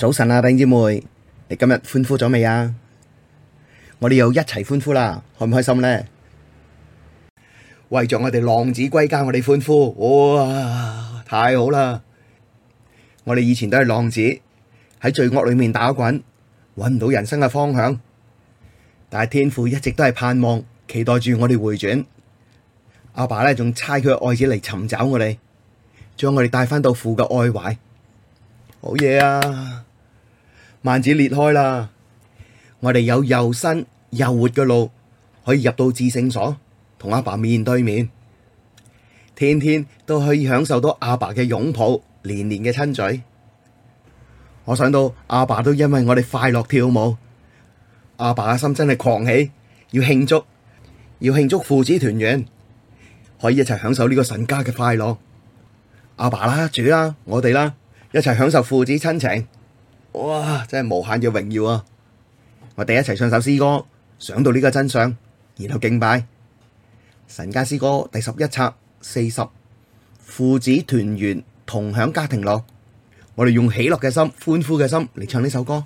早晨啊，弟兄姊妹，你今日歡呼咗未啊？我哋又一齊歡呼啦，開唔開心咧？為着我哋浪子歸家，我哋歡呼，哇，太好啦！我哋以前都係浪子，喺罪惡裏面打滾，搵唔到人生嘅方向。但係天父一直都係盼望，期待住我哋回轉。阿爸咧仲差佢嘅愛子嚟尋找我哋，將我哋帶翻到父嘅愛懷，好嘢啊！幔子裂開啦！我哋有又新又活嘅路可以入到至聖所，同阿爸面對面，天天都可以享受到阿爸嘅擁抱，年年嘅親嘴。我想到阿爸都因為我哋快樂跳舞，阿爸嘅心真係狂喜，要慶祝，要慶祝父子團圓，可以一齊享受呢個神家嘅快樂。阿爸啦，主啦，我哋啦，一齊享受父子親情。哇！真係無限嘅榮耀啊！我哋一齊唱首詩歌，想到呢個真相，然後敬拜神家詩歌第十一冊四十父子團圓同享家庭樂，我哋用喜樂嘅心、歡呼嘅心嚟唱呢首歌。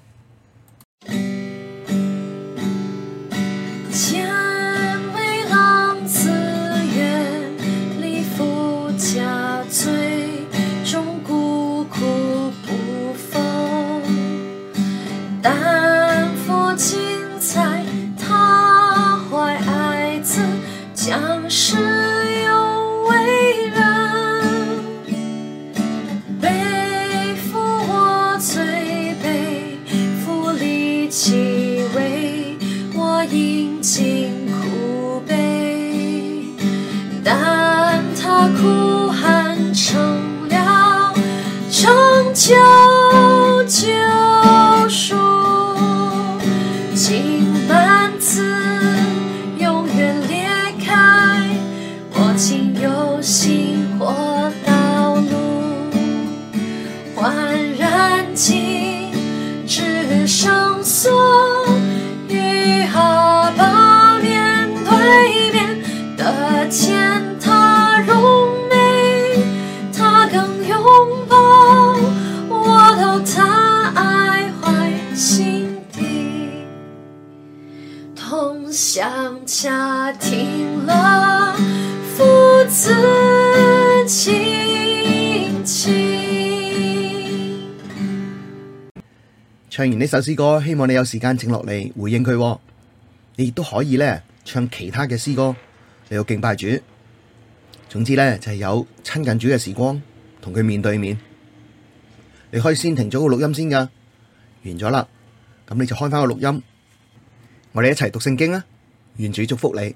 聽完呢首詩歌，希望你有時間靜落嚟回應佢。你亦都可以咧唱其他嘅詩歌，你到敬拜主。總之咧就係有親近主嘅時光，同佢面對面。你可以先停咗個錄音先噶，完咗啦，咁你就開翻個錄音。我哋一齊讀聖經啊！願主祝福你。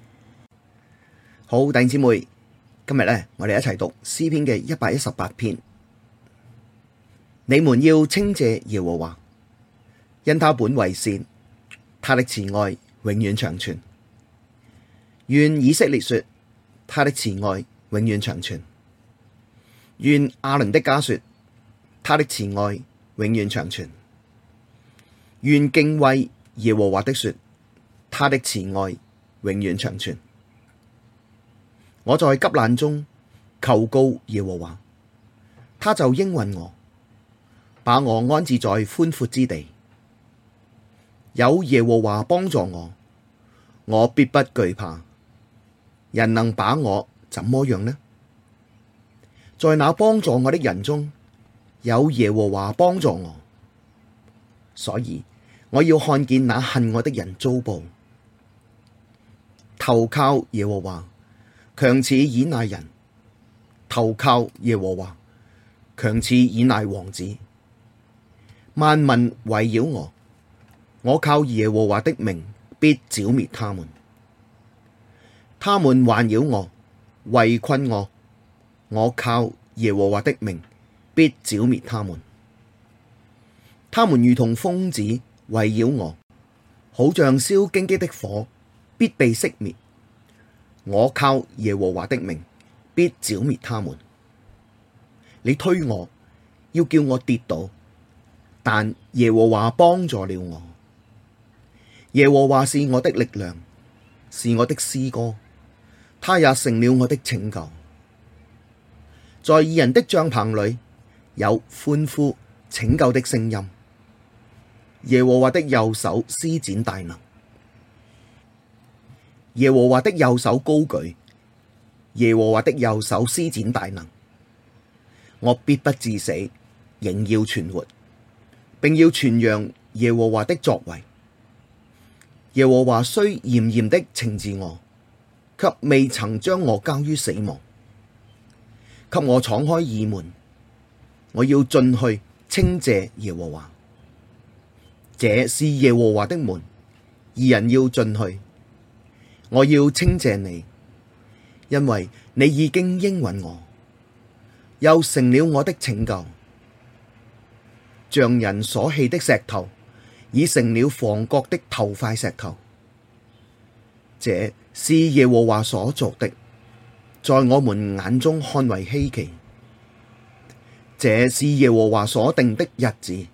好，弟兄姊妹，今日咧我哋一齊讀詩篇嘅一百一十八篇。你們要稱謝耶和華，因他本為善，他的慈愛永遠長存。願以色列說，他的慈愛永遠長存。願亞倫的家說，他的慈愛永遠長存。願敬畏耶和華的說，他的慈愛永遠長存。我在急難中求告耶和華，他就應允我，把我安置在寬闊之地。有耶和華幫助我，我必不懼怕。人能把我怎麼樣呢？在那幫助我的人中有耶和華幫助我，所以我要看見那恨我的人遭報。投靠耶和華，強似倚賴人；投靠耶和華，強似倚賴王子。萬民圍繞我。我靠耶和華的名必剿滅他們，他們環繞我，圍困我，我靠耶和華的名必剿滅他們，他們如同蜂子圍繞我，好像燒荊棘的火必被熄滅，我靠耶和華的名必剿滅他們，你推我，要叫我跌倒，但耶和華幫助了我。耶和華是我的力量，是我的詩歌，他也成了我的拯救。在義人的帳篷裡有歡呼拯救的聲音。耶和華的右手施展大能，耶和華的右手高舉，耶和華的右手施展大能。我必不致死，仍要存活，並要傳揚耶和華的作為。耶和華雖嚴嚴的懲治我，卻未曾將我交於死亡。給我敞開義門，我要進去稱謝耶和華。這是耶和華的門，義人要進去。我要稱謝你，因為你已經應允我，又成了我的拯救。匠人所棄的石頭，已成了房角的頭塊石頭，這是耶和華所做的，在我們眼中看為希奇。這是耶和華所定的日子，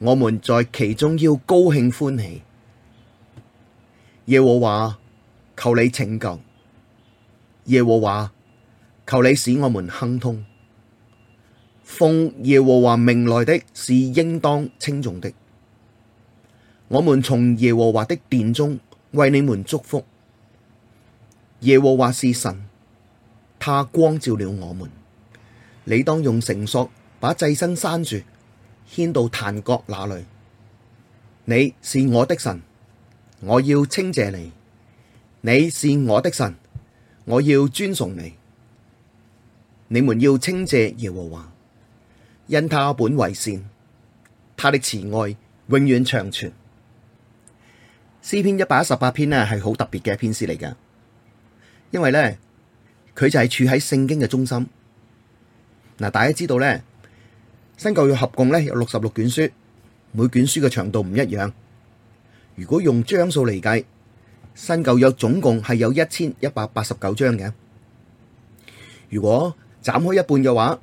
我們在其中要高興歡喜。耶和華求你拯救，耶和華求你使我們亨通。奉耶和華名來的是應當稱頌的。我們從耶和華的殿中為你們祝福。耶和華是神，他光照了我們。你當用繩索把祭牲拴住，牽到壇角那裡。你是我的神，我要稱謝你。你是我的神，我要尊崇你。你們要稱謝耶和華，因他本為善，他的慈愛永遠長存。詩篇一百一十八篇呢係好特別嘅一篇詩嚟㗎，因為呢，佢就係處喺聖經嘅中心。嗱，大家知道呢，新舊約合共呢有六十六卷書，每卷書嘅長度唔一樣。如果用章數嚟計，新舊約總共係有一千一百八十九章嘅。如果斬開一半嘅話，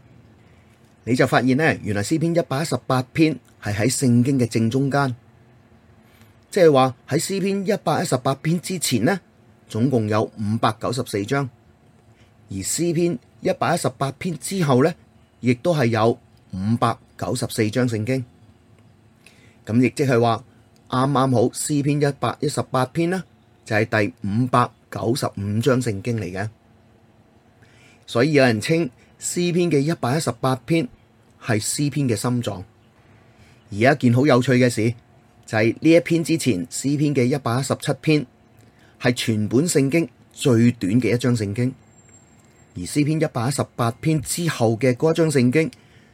你就發現呢，原來詩篇一百一十八篇係喺聖經嘅正中間。即係話喺詩篇一百一十八篇之前呢，總共有五百九十四章；而詩篇一百一十八篇之後呢，亦都係有五百九十四章聖經。咁亦即係話啱啱好，詩篇一百一十八篇呢就係第五百九十五章聖經嚟嘅。所以有人稱詩篇嘅一百一十八篇係詩篇嘅心臟。而一件好有趣嘅事。就係呢一篇之前詩篇嘅一百一十七篇，係全本聖經最短嘅一章聖經；而詩篇一百一十八篇之後嘅嗰一章聖經，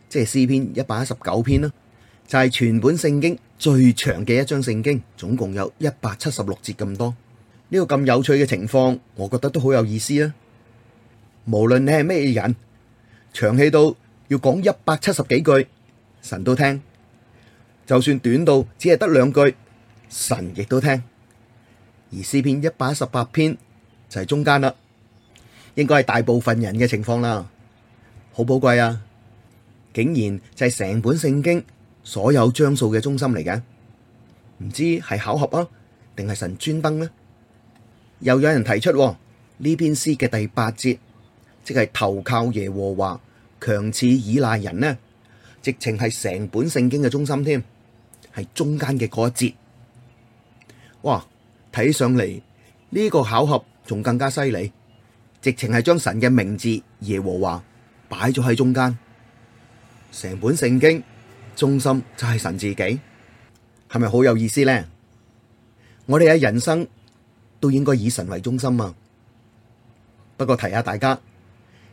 即係詩篇一百一十九篇啦，就係全本聖經最長嘅一章聖經，總共有一百七十六節咁多。呢個咁有趣嘅情況，我覺得都好有意思啊！無論你係咩人，長氣到要講一百七十幾句，神都聽。就算短到只係得兩句，神亦都聽。而詩篇一百一十八篇就係中間啦，應該係大部分人嘅情況啦，好寶貴啊！竟然就係成本聖經所有章數嘅中心嚟嘅，唔知係巧合啊，定係神專登呢？又有人提出呢篇詩嘅第八節，即係投靠耶和華，強似倚賴人呢，直情係成本聖經嘅中心添。係中間嘅嗰一節，哇！睇上嚟，呢個巧合仲更加犀利，直情係將神嘅名字耶和華擺咗喺中間，成本聖經中心就係神自己，係咪好有意思呢？我哋嘅人生都應該以神為中心啊！不過提下大家，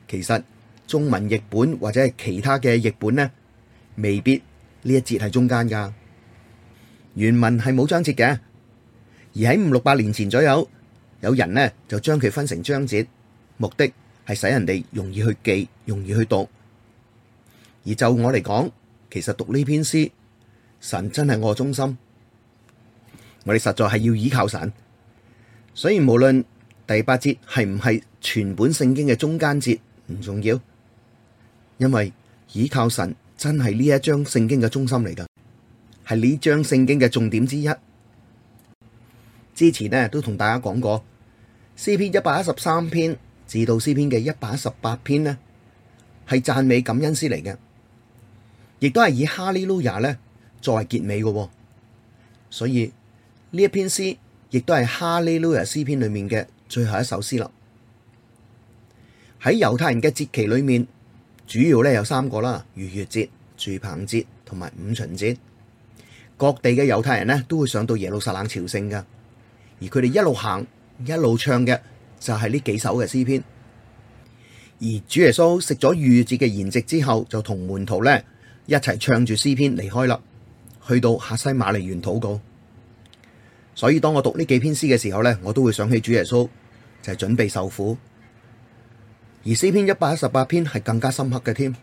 其實中文譯本或者係其他嘅譯本呢，未必呢一節係中間噶。原文係冇章節嘅，而喺五六百年前左右，有人呢就將佢分成章節，目的係使人哋容易去記，容易去讀。而就我嚟講，其實讀呢篇詩，神真係我中心，我哋實在係要倚靠神。所以無論第八節係唔係全本聖經嘅中間節，唔重要，因為倚靠神真係呢一章聖經嘅中心嚟㗎。係呢章聖經嘅重點之一。之前呢，都同大家講過，詩篇一百一十三篇至到詩篇嘅一百一十八篇呢，係讚美感恩詩嚟嘅，亦都係以哈利路亞呢作為結尾嘅。所以呢一篇詩亦都係哈利路亞詩篇裏面嘅最後一首詩啦。喺猶太人嘅節期裏面，主要咧有三個啦：逾越節、住棚節同埋五旬節。各地嘅猶太人呢，都會上到耶路撒冷朝聖㗎，而佢哋一路行一路唱嘅就係、是、呢幾首嘅詩篇，而主耶穌食咗逾越節嘅筵席之後，就同門徒呢一齊唱住詩篇離開啦，去到客西馬尼園禱告。所以當我讀呢幾篇詩嘅時候呢，我都會想起主耶穌就係、是、準備受苦，而詩篇一百一十八篇係更加深刻嘅添，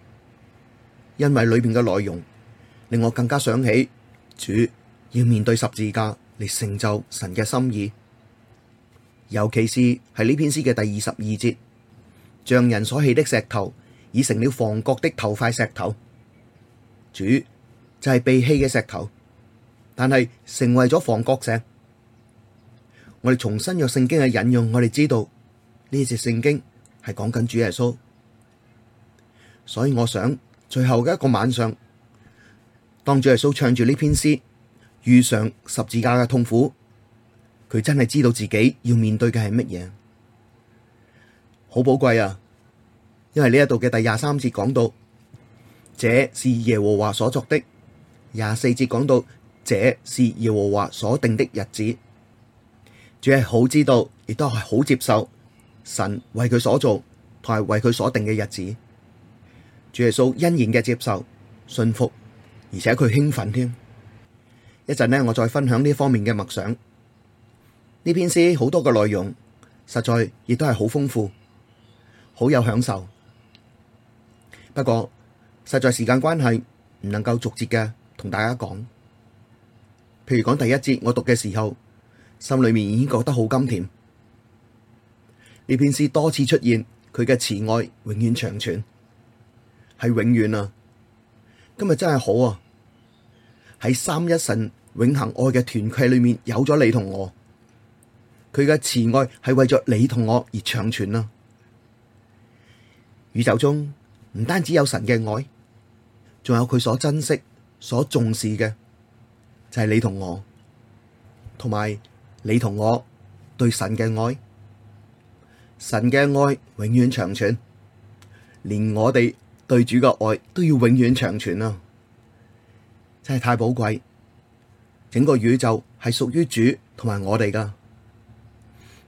因為裏邊嘅內容令我更加想起，主要面對十字架嚟成就神嘅心意，尤其是係呢篇詩嘅第二十二節，匠人所棄的石頭，已成了房角的頭塊石頭。主就係被棄嘅石頭，但係成為咗房角石。我哋重新用聖經嘅引用，我哋知道呢節聖經係講緊主耶穌。所以我想最後嘅一個晚上。當主耶穌唱住呢篇詩，遇上十字架嘅痛苦，佢真係知道自己要面對嘅係乜嘢，好寶貴啊！因為呢一度嘅第廿三節講到，這是耶和華所作的；廿四節講到，這是耶和華所定的日子。主係好知道，亦都係好接受神為佢所做，同係為佢所定嘅日子。主耶穌欣然嘅接受，信服。而且佢興奮添，一陣呢，我再分享呢方面嘅默想。呢篇詩好多嘅內容，實在亦都係好豐富，好有享受。不過實在時間關係，唔能夠逐節嘅同大家講。譬如講第一節，我讀嘅時候，心裏面已經覺得好甘甜。呢篇詩多次出現，佢嘅慈愛永遠長存，係永遠啊！今日真係好啊！喺三一神永恆愛嘅團契裏面，有咗你同我，佢嘅慈愛係為咗你同我而長存啊。宇宙中唔單止有神嘅愛，仲有佢所珍惜、所重視嘅就係你同我，同埋你同我對神嘅愛，神嘅愛永遠長存，連我哋。對主嘅愛都要永遠長存啊，真係太寶貴。整個宇宙係屬於主同埋我哋噶，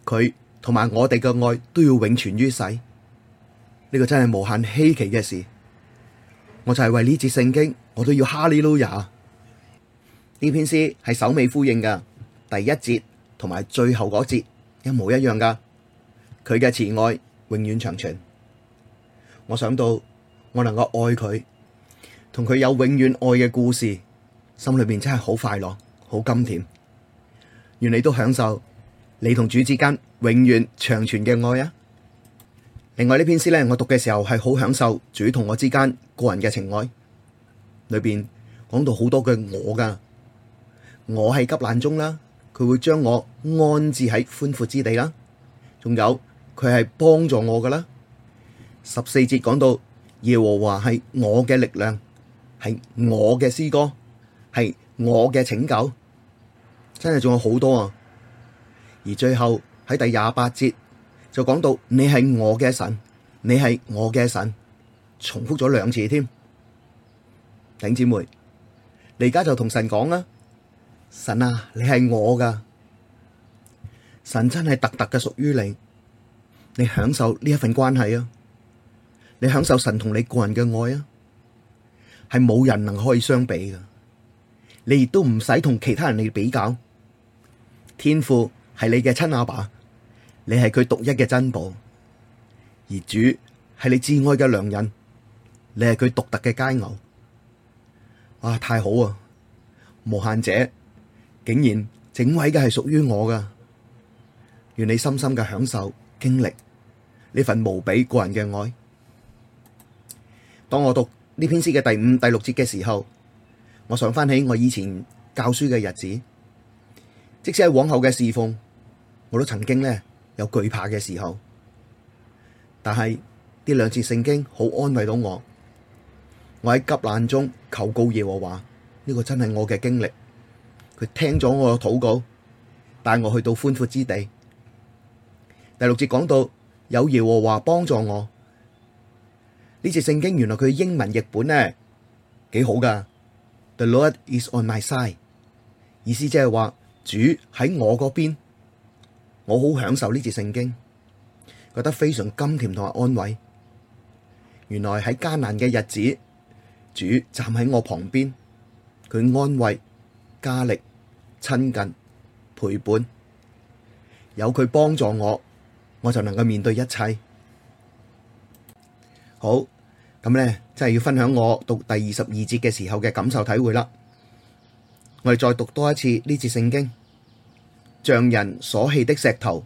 佢同埋我哋嘅愛都要永存於世。呢、呢個真係無限稀奇嘅事。我就係為呢節聖經，我都要哈利路亞。呢篇詩係首尾呼應噶，第一節同埋最後嗰節一模一樣噶。佢嘅慈愛永遠長存。我想到。我能夠愛佢，同佢有永遠愛嘅故事，心裏面真係好快樂，好甘甜。願你都享受你同主之間永遠長存嘅愛啊！另外呢篇詩呢，我讀嘅時候係好享受主同我之間個人嘅情愛，裏邊講到好多句我噶，我係急難中啦，佢會將我安置喺寬闊之地啦，仲有佢係幫助我噶啦。十四節講到。耶和華係我嘅力量，係我嘅詩歌，係我嘅拯救，真係仲有好多啊！而最後喺第廿八節就講到，你係我嘅神，你係我嘅神，重複咗兩次添。頂姊妹，你而家就同神講啦，神啊，你係我噶，神真係特特嘅屬於你，你享受呢一份關係啊！你享受神同你個人嘅愛啊，係冇人能可以相比噶。你亦都唔使同其他人嚟比較。天父係你嘅親阿爸，你係佢獨一嘅珍寶；而主係你至愛嘅良人，你係佢獨特嘅佳偶。啊，太好啊！無限者竟然整位嘅係屬於我噶，願你深深嘅享受經歷呢份無比個人嘅愛。當我讀呢篇詩嘅第五、第六節嘅時候，我想翻起我以前教書嘅日子。即使喺往後嘅侍奉，我都曾經呢有懼怕嘅時候。但係呢兩節聖經好安慰到我。我喺急難中求告耶和華，呢、這個真係我嘅經歷。佢聽咗我嘅禱告，帶我去到寬闊之地。第六節講到有耶和華幫助我。呢隻聖經原來佢英文譯本呢，幾好噶，The Lord is on my side，意思即係話主喺我嗰邊，我好享受呢節聖經，覺得非常甘甜同埋安慰。原來喺艱難嘅日子，主站喺我旁邊，佢安慰、加力、親近、陪伴，有佢幫助我，我就能夠面對一切。好咁呢，真係要分享我讀第二十二節嘅時候嘅感受體會啦。我哋再讀多一次呢節聖經，匠人所棄的石頭，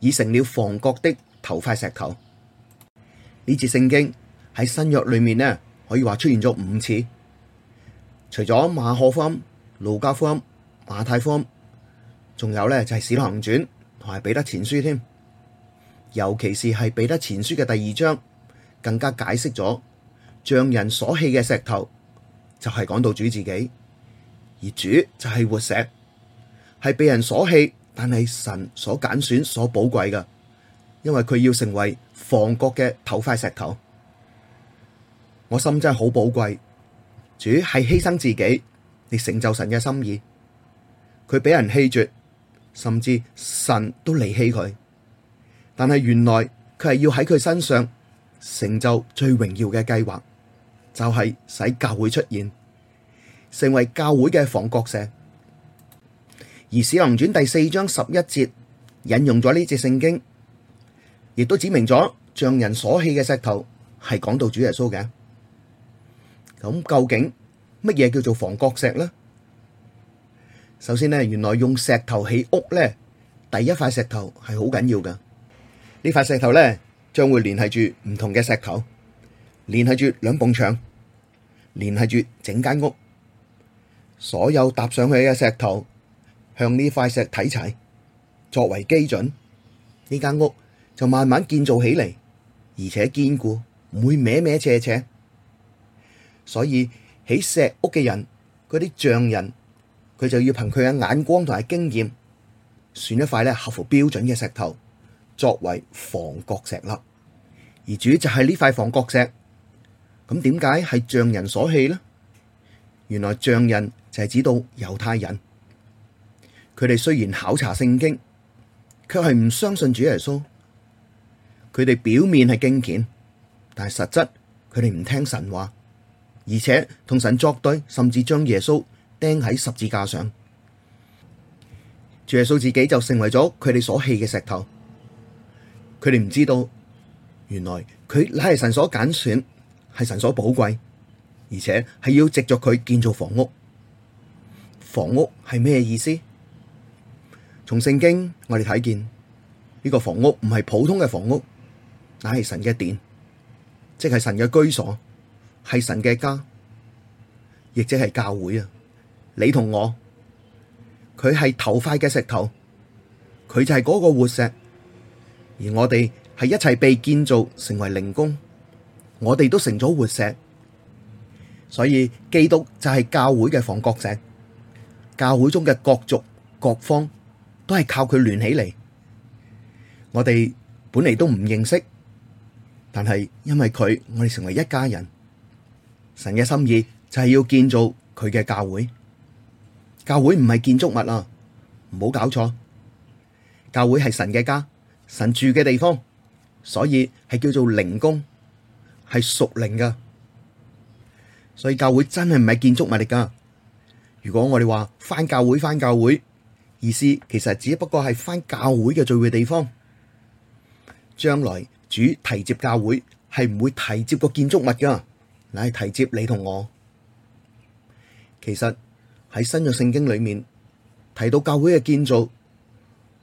已成了房角的頭塊石頭。呢節聖經喺新約裏面呢，可以話出現咗五次，除咗馬可福音、路加福音、馬太福音，仲有呢，就係《使徒行傳》同埋《彼得前書》添，尤其是係《彼得前書》嘅第二章。更加解釋咗，匠人所棄嘅石頭，就係、是、講到主自己，而主就係活石，係被人所棄，但係神所揀選、所寶貴嘅，因為佢要成為房角嘅頭塊石頭。我心真係好寶貴，主係犧牲自己，嚟成就神嘅心意。佢俾人棄絕，甚至神都離棄佢，但係原來佢係要喺佢身上，成就最榮耀嘅計劃，就係使教會出現，成為教會嘅房角石。而《使徒行傳》第四章十一節引用咗呢隻聖經，亦都指明咗匠人所棄嘅石頭係講到主耶穌嘅。咁究竟乜嘢叫做房角石呢？首先呢，原來用石頭起屋呢，第一塊石頭係好緊要㗎。呢塊石頭呢。將會聯繫住唔同嘅石頭，聯繫住兩埲牆，聯繫住整間屋。所有搭上去嘅石頭，向呢塊石睇齊，作為基準，呢間屋就慢慢建造起嚟，而且堅固，唔會歪歪斜斜。所以起石屋嘅人，嗰啲匠人，佢就要憑佢嘅眼光同埋經驗，選一塊咧合乎標準嘅石頭。作為房角石粒，而主要就係呢塊房角石。咁點解係匠人所棄呢？原來匠人就係指到猶太人，佢哋雖然考察聖經，卻係唔相信主耶穌。佢哋表面係敬虔，但係實質佢哋唔聽神話，而且同神作對，甚至將耶穌釘喺十字架上。主耶穌自己就成為咗佢哋所棄嘅石頭。佢哋唔知道，原來佢乃係神所揀選，係神所寶貴，而且係要藉著佢建造房屋。房屋係咩意思？從聖經我哋睇見呢個房屋唔係普通嘅房屋，乃係神嘅殿，即係神嘅居所，係神嘅家，亦即係教會啊！你同我，佢係頭塊嘅石頭，佢就係嗰個活石。而我哋係一齊被建造成為靈宮，我哋都成咗活石，所以基督就係教會嘅房角石。教會中嘅各族各方都係靠佢聯起嚟。我哋本嚟都唔認識，但係因為佢，我哋成為一家人。神嘅心意就係要建造佢嘅教會。教會唔係建築物啦，唔好搞錯。教會係神嘅家。神住嘅地方，所以係叫做靈宮，係屬靈噶。所以教會真係唔係建築物嚟噶。如果我哋話翻教會翻教會，意思其實只不過係翻教會嘅聚會地方。將來主提接教會係唔會提接個建築物噶，你係提接你同我。其實喺新約聖經裏面提到教會嘅建造，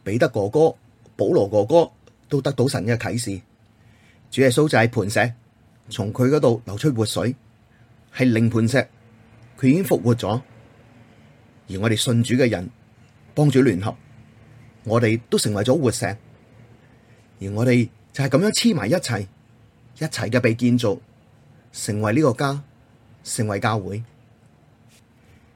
彼得哥哥。保羅哥哥都得到神嘅啟示，主耶穌就係磐石，從佢嗰度，流出活水，係靈磐石，佢已經復活咗，而我哋信主嘅人，幫主聯合，我哋都成為咗活石，而我哋就係咁樣黐埋一齊，一齊嘅被建造，成為呢個家，成為教會，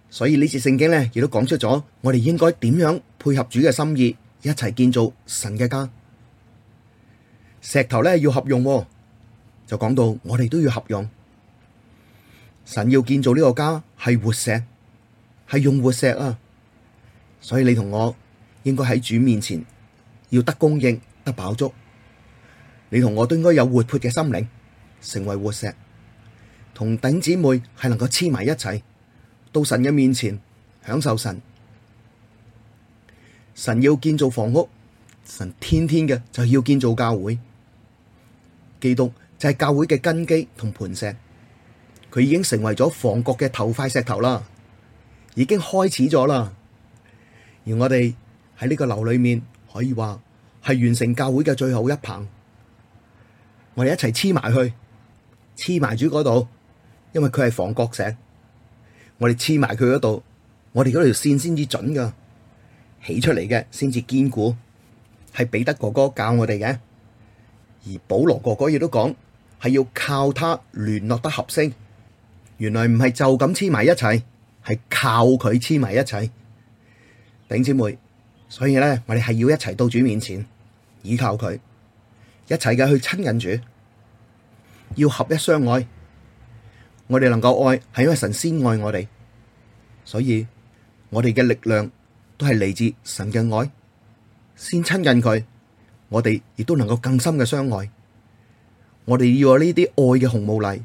所以呢次聖經咧，亦都講出咗我哋應該點樣配合主嘅心意。一齊建造神嘅家，石頭咧要合用啊，就講到我哋都要合用。神要建造呢個家係活石，係用活石啊！所以你同我應該喺主面前要得供應，得飽足。你同我都應該有活潑嘅心靈，成為活石，同頂姊妹係能夠黐埋一齊，到神嘅面前享受神。神要建造房屋，神天天嘅就要建造教會。基督就係教會嘅根基同磐石，佢已經成為咗房角嘅頭塊石頭啦，已經開始咗啦。而我哋喺呢個樓裏面，可以話係完成教會嘅最後一棒。我哋一齊黐埋去，黐埋主嗰度，因為佢係房角石。我哋黐埋佢嗰度，我哋嗰條線先至準噶。起出嚟嘅,先至堅固,係彼得哥哥教我哋嘅。而保羅哥哥亦都講,係要靠他聯絡得合適。原來唔係就咁黐埋一齊,係靠佢黐埋一齊。頂姐妹,所以呢,我哋係要一齊到主面前,依靠佢,一齊嘅去親近主,要合一相愛。我哋能夠愛,係因為神先愛我哋。所以,我哋嘅力量,係嚟自神嘅愛，先親近佢，我哋亦都能夠更深嘅相愛。我哋要有呢啲愛嘅紅霧嚟，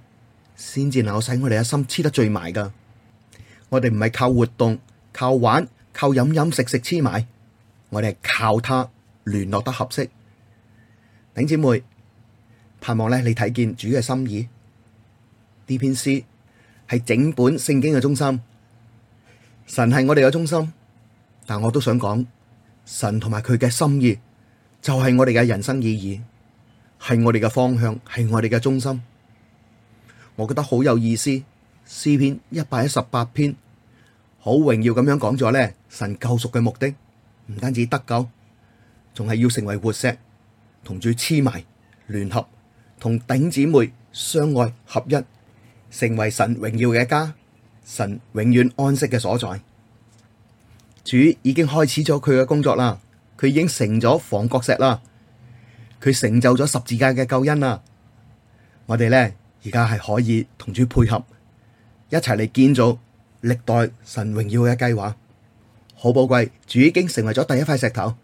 先至能夠使我哋嘅心黐得最埋噶。我哋唔係靠活動、靠玩、靠飲飲食食黐埋，我哋係靠他聯絡得合適。頂姐妹，盼望咧，你睇見主嘅心意。呢篇詩係整本聖經嘅中心，神係我哋嘅中心。但我都想講，神同埋佢嘅心意就係我哋嘅人生意義，係我哋嘅方向，係我哋嘅中心。我覺得好有意思，詩篇一百一十八篇好榮耀咁樣講咗咧，神救贖嘅目的唔單止得救，仲係要成為活石，同主黐埋聯合，同頂姊妹相愛合一，成為神榮耀嘅家，神永遠安息嘅所在。主已經開始咗佢嘅工作啦，佢已經成咗房角石啦，佢成就咗十字架嘅救恩啦。我哋咧而家係可以同主配合，一齊嚟建造歷代神榮耀嘅計劃。好寶貴，主已經成為咗第一塊石頭，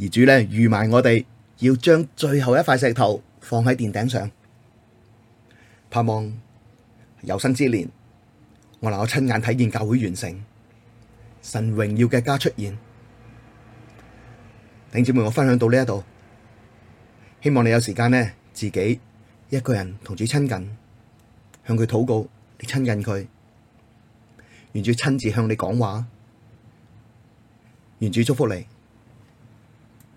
而主咧預埋我哋要將最後一塊石頭放喺殿頂上。盼望有生之年，我能夠親眼睇見教會完成。神榮耀嘅家出現，弟兄姊妹，我分享到呢一度，希望你有時間呢，自己一個人同主親近，向佢禱告你親，你親近佢，願主親自向你講話，願主祝福你。